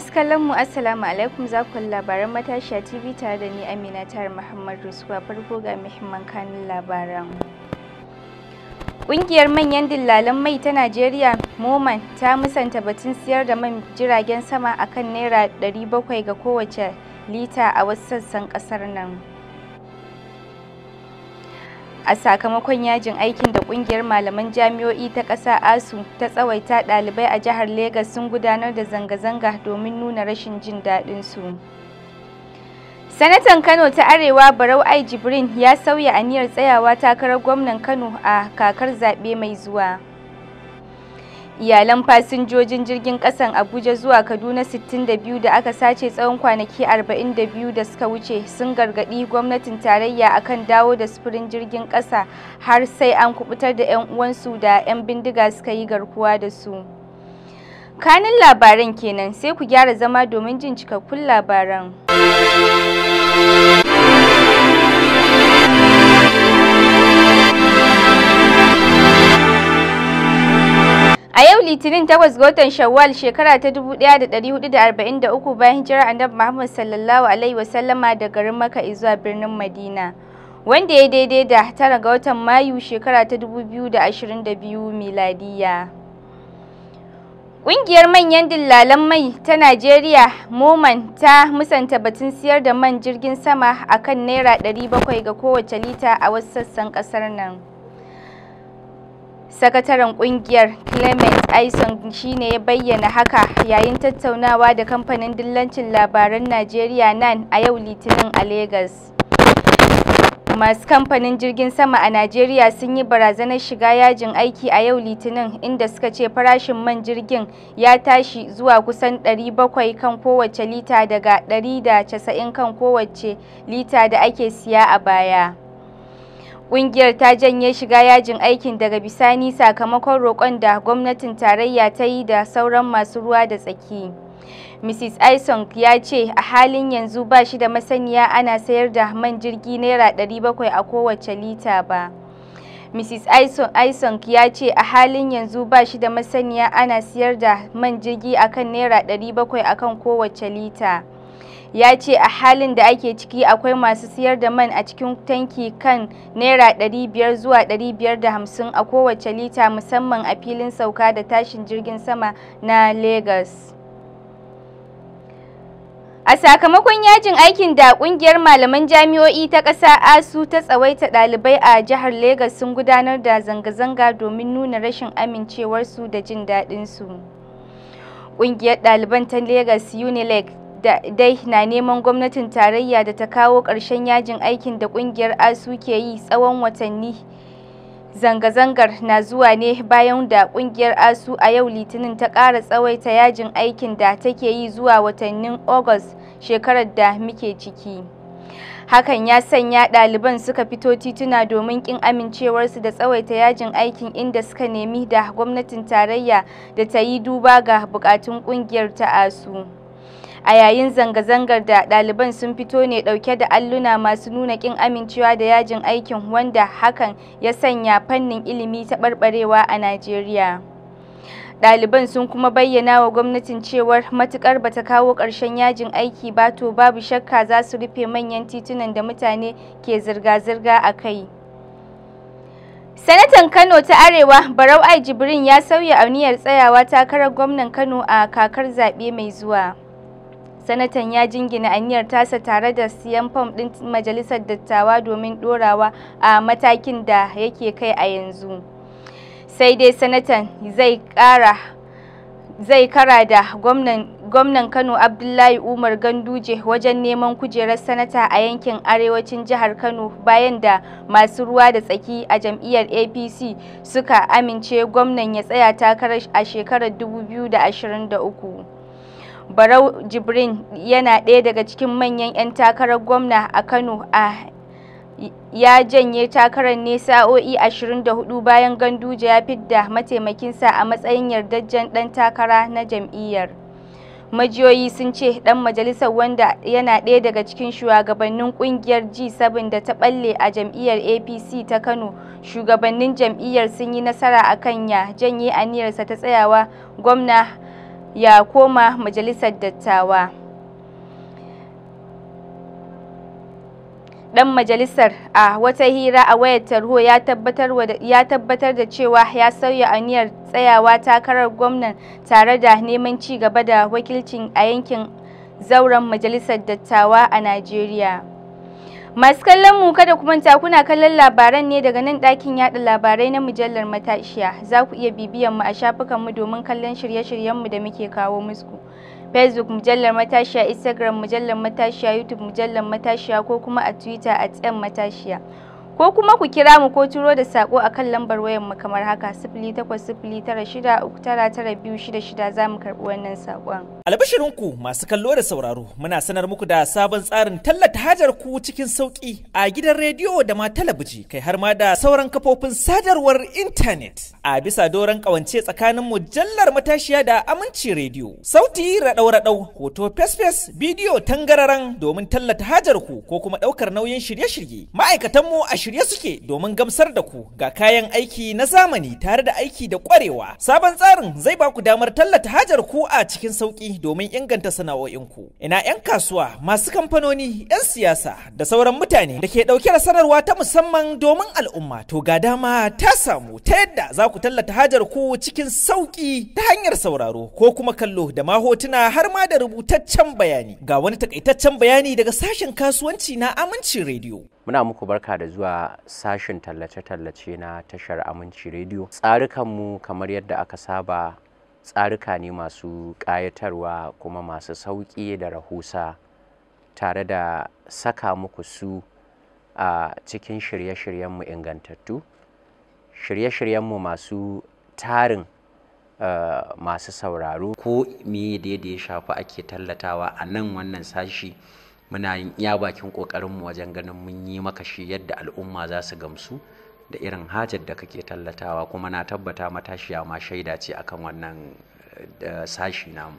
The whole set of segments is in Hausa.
Masu kallon mu Assalamu alaikum za ku labaran matashiya TV tare da ni Amina Tar Muhammad Rusuwa farko ga muhimman kanun labaran. Ƙungiyar manyan dillalan mai ta Najeriya Moman ta musanta batun siyar da man jiragen sama akan naira 700 ga kowace lita a wasu sassan ƙasar nan. a sakamakon yajin aikin da kungiyar malaman jami'o'i ta ƙasa asu ta tsawaita ɗalibai a jihar Legas sun gudanar da zanga-zanga domin nuna rashin jin daɗin su. Sanatan Kano ta Arewa Barau Ai Jibrin ya sauya aniyar tsayawa takarar gwamnan Kano a kakar zaɓe mai zuwa. iyalan fasinjojin jirgin kasan abuja zuwa kaduna 62 da aka sace tsawon kwanaki 42 da suka wuce sun gargadi gwamnatin tarayya akan dawo da sufurin jirgin kasa har sai an kubutar da 'yan uwansu da 'yan bindiga suka yi garkuwa da su kanin labaran kenan sai ku gyara zama domin jin cikakkun labaran Litinin takwas ga watan Shawwal shekara ta 1443 bayan hijirar Annabi Muhammad sallallahu alaihi wasallama da garin maka izuwa birnin Madina. Wanda ya daidai da tara ga watan Mayu shekara ta 2022 miladiya. Ƙungiyar manyan dillalan mai ta Najeriya Moman ta musanta batun siyar da man jirgin sama akan naira 700 ga kowace lita a wasu sassan ƙasar nan. Sakataren kungiyar Clement Ison shine ya bayyana haka yayin tattaunawa da kamfanin dillancin labaran Najeriya nan a yau Litinin a Lagos. Masu kamfanin jirgin sama a Najeriya sun yi barazanar shiga yajin aiki a yau Litinin inda suka ce farashin man jirgin ya tashi zuwa kusan 700 kan kowace lita daga 190 kan kowace lita da ake siya a baya. Ƙungiyar ta janye shiga yajin aikin daga bisani sakamakon roƙon da gwamnatin tarayya ta yi da sauran masu ruwa da tsaki. Mrs. Ison ya ce a halin yanzu ba shi da masaniya ana sayar da man jirgi naira 700 a kowace lita ba. Mrs. Ison ya ce a halin yanzu ba shi da masaniya ana sayar da man jirgi akan naira 700 akan kowace lita. ya ce a halin da ake ciki akwai masu siyar da man a cikin tanki kan naira 500 zuwa 550 a kowace lita musamman a filin sauka da tashin jirgin sama na Lagos. A sakamakon yajin aikin da kungiyar malaman jami'o'i ta ƙasa ASU ta tsawaita ɗalibai a jihar Lagos sun gudanar da zanga-zanga domin nuna rashin amincewarsu da jin daɗinsu. Ƙungiyar ɗaliban ta lagos Unileg dai na neman gwamnatin tarayya da ta kawo ƙarshen yajin aikin da ƙungiyar ASU ke yi tsawon watanni. Zanga-zangar na zuwa ne bayan da ƙungiyar ASU a yau Litinin ta ƙara tsawaita yajin aikin da take yi zuwa watannin ogos shekarar da muke ciki. Hakan ya sanya ɗaliban suka fito tituna domin kin amincewarsu da tsawaita yajin aikin inda suka nemi da gwamnatin tarayya da ta yi duba ga buƙatun ƙungiyar ta ASU. a yayin zanga-zangar da ɗaliban sun fito ne ɗauke da alluna masu nuna ƙin amincewa da yajin aikin wanda hakan ya sanya fannin ilimi ta ɓarɓarewa a Najeriya. Ɗaliban sun kuma bayyana wa gwamnatin cewar matuƙar bata kawo ƙarshen yajin aiki ba to babu shakka za su rufe manyan titunan da mutane ke zirga-zirga a kai. Sanatan Kano ta Arewa Barau Ai Jibrin ya sauya aniyar tsayawa takarar gwamnan Kano a kakar zaɓe mai zuwa. Sanatan ya jingina aniyar tasa tare da siyan fam ɗin majalisar dattawa domin ɗorawa a matakin da yake kai a yanzu. Sai dai sanatan zai kara zai kara da gwamnan Kano Abdullahi Umar Ganduje wajen neman kujerar sanata a yankin arewacin jihar Kano bayan da masu ruwa da tsaki a jam'iyyar APC suka amince gwamnan ya tsaya takarar a shekarar 2023. Barau Jibrin yana ɗaya daga cikin manyan 'yan takarar gwamna a Kano a ya janye takarar ne sa'o'i 24 bayan Ganduje ya fidda mataimakinsa a matsayin yardajjen ɗan takara na jam'iyyar. Majiyoyi sun ce ɗan majalisar wanda yana ɗaya daga cikin shugabannin ƙungiyar G7 da ta ɓalle a jam'iyyar APC ta Kano, shugabannin jam'iyyar sun yi nasara a kan ya janye aniyarsa ta tsayawa gwamna ya koma majalisar dattawa dan majalisar a wata hira a wayar tarho ya tabbatar ya tabbatar da cewa ya sauya aniyar tsayawa takarar gwamnan tare da neman ci gaba da wakilcin a yankin zauren majalisar dattawa a Najeriya. Masu kallon mu kada ku manta kuna kallon labaran ne daga nan ɗakin yada labarai na mujallar matashiya. Za ku iya bibiyan mu a shafukan mu domin kallon shirye-shiryen mu da muke kawo musu Facebook mujallar matashiya, Instagram mujallar matashiya, YouTube mujallar matashiya ko kuma a Twitter at matashiya. ko kuma ku kira mu ko turo da sako kan lambar wayar mu kamar haka 08096399266 za mu karbi wannan sakon. ku masu kallo da sauraro muna sanar muku da sabon tsarin tallata hajar ku cikin sauki a gidan rediyo da ma talabiji kai har ma da sauran kafofin sadarwar intanet a bisa doron kawance tsakanin mujallar matashiya da aminci rediyo sauti raɗau-raɗau hoto fesfes bidiyo tangararan domin tallata hajar ku ko kuma ɗaukar nauyin shirye-shirye ma'aikatanmu a shirye suke domin gamsar da ku ga kayan aiki na zamani tare da aiki da kwarewa. Sabon tsarin zai ba ku damar tallata hajar ku a cikin sauki domin inganta sana'o'inku. Ina 'yan kasuwa, masu kamfanoni, 'yan siyasa da sauran mutane da ke ɗauke da sanarwa ta musamman domin al'umma. To ga dama ta samu ta yadda za ku tallata hajar ku cikin sauki ta hanyar sauraro ko kuma kallo da ma hotuna har ma da rubutaccen bayani. Ga wani takaitaccen bayani daga sashen kasuwanci na Amincin Rediyo. Muna muku barka da zuwa sashen tallace-tallace na tashar Aminci rediyo. Tsarukanmu kamar yadda aka saba tsaruka ne masu ƙayatarwa kuma masu sauƙi da rahusa tare da saka muku su a cikin shirye-shiryenmu ingantattu. Shirye-shiryenmu masu tarin Uh, masu sauraro ko me da ya shafi ake tallatawa a nan wannan sashi muna yin iya bakin ƙoƙarinmu wajen ganin mun yi maka shi yadda al'umma za su gamsu da irin hajar da kake tallatawa kuma na tabbata matashiya ma shaida ce akan wannan eh, sashi namu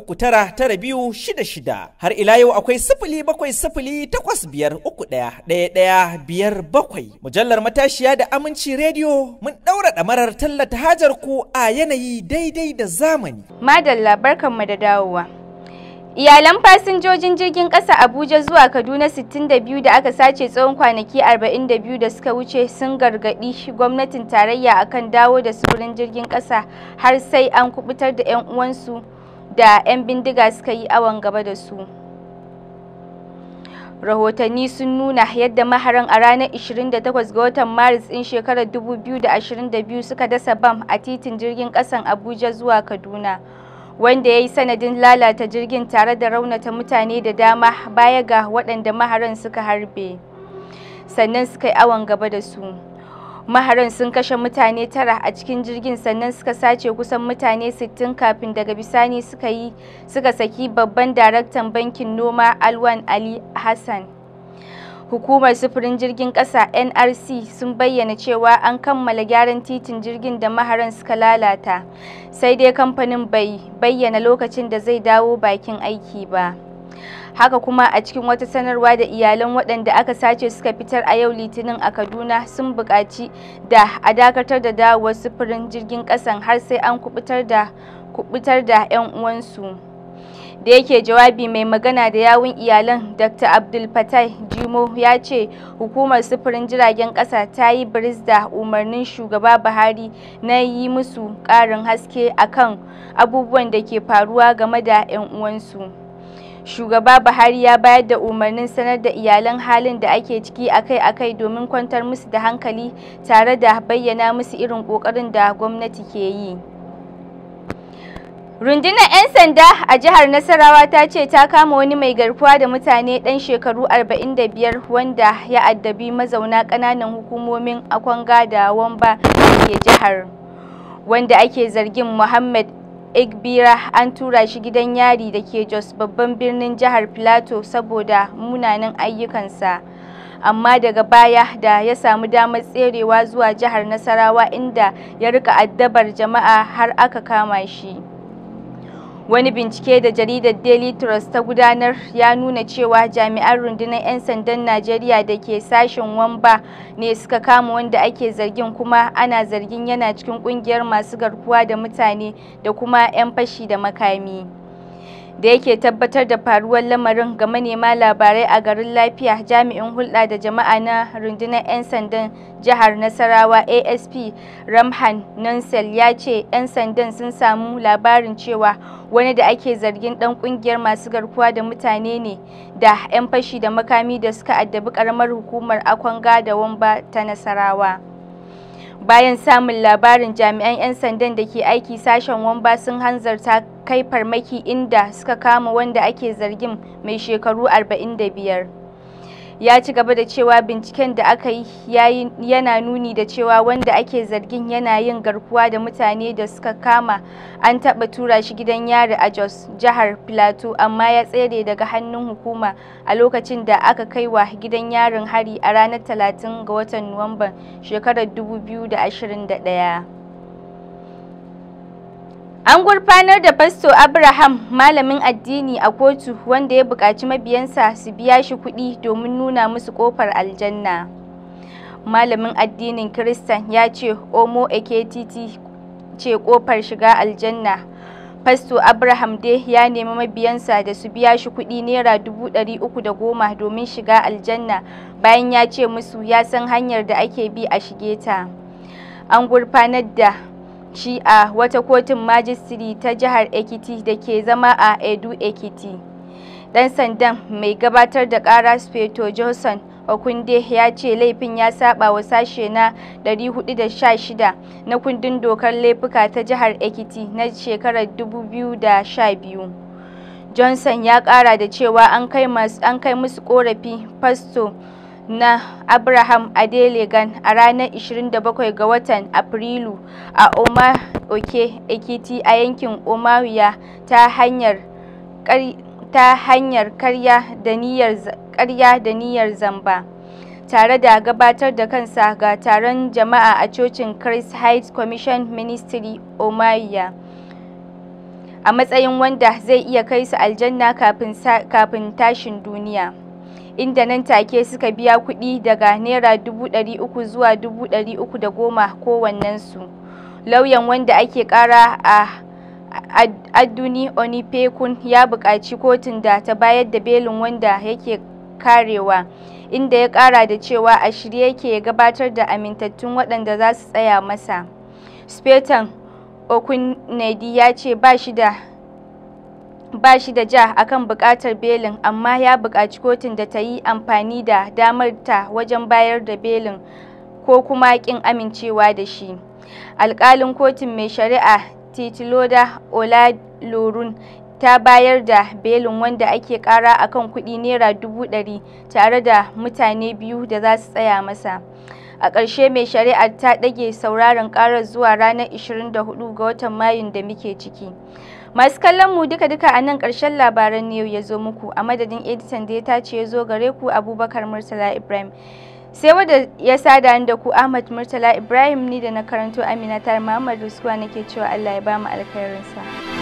uku tara tara shida shida har ila yau akwai sifili bakwai sifili takwas biyar bakwai mujallar matashiya da aminci rediyo mun ɗaura ɗamarar tallata hajar ku a yanayi daidai da zamani. Madalla barkanmu da dawowa. Iyalan fasinjojin jirgin ƙasa Abuja zuwa Kaduna 62 da aka sace tsawon kwanaki 42 da suka wuce sun gargaɗi gwamnatin tarayya akan dawo da surin jirgin ƙasa har sai an kubutar da 'yan uwansu. da 'yan bindiga suka yi awon gaba da su rahotanni sun nuna yadda maharan a ranar 28 ga watan maris ɗin shekarar 2022 suka dasa bam a titin jirgin ƙasan abuja zuwa kaduna wanda ya yi sanadin lalata jirgin tare da raunata mutane da dama baya ga waɗanda maharan suka harbe sannan suka yi awon gaba da su maharan sun kashe mutane tara a cikin jirgin sannan suka sace kusan mutane 60 kafin daga bisani suka yi suka saki babban daraktan bankin noma alwan ali hassan hukumar sufurin jirgin kasa nrc sun bayyana cewa an kammala gyaran titin jirgin da maharan suka lalata sai dai kamfanin bai bayyana lokacin da zai dawo bakin aiki ba haka kuma a cikin wata sanarwa da iyalan waɗanda aka sace suka fitar a yau litinin a kaduna sun buƙaci da a dakatar da dawowar sufurin jirgin ƙasan har sai an kubutar da 'yan uwansu da yake jawabi mai magana da yawun iyalan dr abdul jimo ya ce hukumar sufurin jiragen ƙasa ta yi biris da umarnin shugaba buhari na yi musu ƙarin haske akan abubuwan da ke faruwa game da 'yan uwansu shugaba buhari ya bayar da umarnin sanar da iyalan halin da ake ciki akai-akai domin kwantar musu da hankali tare da bayyana musu irin kokarin da gwamnati ke yi Rundunar 'yan sanda a jihar Nasarawa ta ce ta kama wani mai garkuwa da mutane ɗan shekaru 45 wanda ya addabi mazauna ƙananan hukumomin Akwanga da Wamba da ke jihar, wanda ake zargin Muhammad Igbira an tura shi gidan yari da ke Jos babban birnin jihar Filato saboda munanan ayyukansa. Amma daga baya da ya samu damar tserewa zuwa jihar Nasarawa inda ya rika addabar jama'a har aka kama shi. Wani bincike da jaridar Daily Trust ta gudanar ya nuna cewa jami'an rundunar 'yan sandan Najeriya da ke sashen Wamba ne suka kama wanda ake zargin kuma ana zargin yana cikin kungiyar masu garkuwa da mutane da kuma 'yan fashi da makami. da yake tabbatar da faruwar lamarin ga manema labarai a garin lafiya jami'in hulɗa da jama'a na rundunar 'yan sandan jihar nasarawa asp ramhan nansel ya ce 'yan sandan sun samu labarin cewa wani da ake zargin dan kungiyar masu garkuwa da mutane ne da 'yan fashi da makami da suka addabi karamar hukumar akwanga da wamba ta nasarawa bayan samun labarin jami'an 'yan sandan da ke aiki sashen wamba sun hanzarta kai farmaki inda suka kama wanda ake zargin mai shekaru 45 ya ci gaba da cewa binciken da aka yi yana nuni da cewa wanda ake zargin yana yin garkuwa da mutane da suka kama an taba tura shi gidan yari a Jos, jihar Plateau, amma ya tsere daga hannun hukuma a lokacin da aka kai wa gidan yarin hari a ranar 30 ga watan Nuwamban shekarar 2021. An gurfanar da Fasto Abraham malamin addini a kotu wanda ya buƙaci mabiyansa su biya shi kuɗi domin nuna musu ƙofar aljanna. Malamin addinin Kiristan ya ce Omo Eketiti ce ƙofar shiga aljanna. Fasto Abraham dai ya nemi mabiyansa da su biya shi kuɗi naira dubu ɗari uku da goma domin shiga aljanna bayan ya ce musu ya san hanyar da ake bi a shige ta. An gurfanar da shi a wata kotun majistiri ta jihar Ekiti da ke zama a edu Ekiti. Dan sandan mai gabatar da ƙara Speto Johnson Okunde ya ce laifin ya saba wa sashe na 416 na kundin dokar laifuka ta jihar Ekiti na shekarar 2012. Johnson ya ƙara da cewa an kai musu ƙorafi fasto na Abraham Adelegan a ranar 27 ga watan Afrilu a Oma Oke Ekiti a yankin Omawiya ta hanyar ta karya da niyyar zamba tare da gabatar da kansa ga taron jama'a a cocin Christ Heights Commission Ministry Omaya a matsayin wanda zai iya kai su aljanna kafin tashin duniya. inda nan take suka biya kuɗi daga naira dubu ɗari uku zuwa dubu ɗari uku da goma su lauyan wanda ake ƙara a adduni onipekun ya buƙaci kotun da ta bayar da belin wanda yake karewa inda ya ƙara da cewa a shirye yake gabatar da amintattun waɗanda za su tsaya masa spetan okunedi ya ce ba shi da ba shi da ja akan bukatar belin amma ya bukaci kotun da ta yi amfani da damar ta wajen bayar da belin ko kuma kin amincewa da shi alkalin kotun mai shari'a titiloda olalorun ta bayar da belin wanda ake kara akan kudi naira dubu ɗari tare da mutane biyu da za su tsaya masa a ƙarshe mai shari'a ta ɗage sauraron ƙarar zuwa ranar 24 ga watan mayun da muke ciki Masu kallon mu duka-duka a nan ƙarshen labaran ne ya zo muku a madadin editan da ya tace ya zo gare ku Abubakar Murtala Ibrahim. Sai wadda ya sada da ku Ahmad Murtala Ibrahim ni da na karanto Amina Tar Muhammad Ruskuwa nake cewa Allah ya ba mu alkhairinsa.